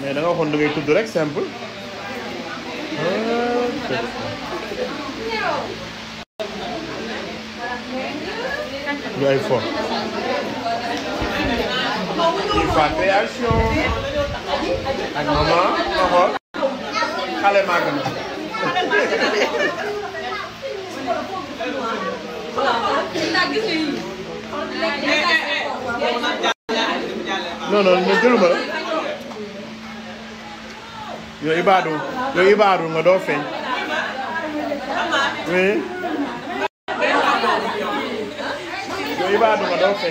mais da nga waxoon da ngay tudd rek simple. lu ay fort. Ifa création. ak maman xool. xale màgg na. Yo ibadu, yo ibadu ngodofe. Oui. Yo ibadu ngodofe.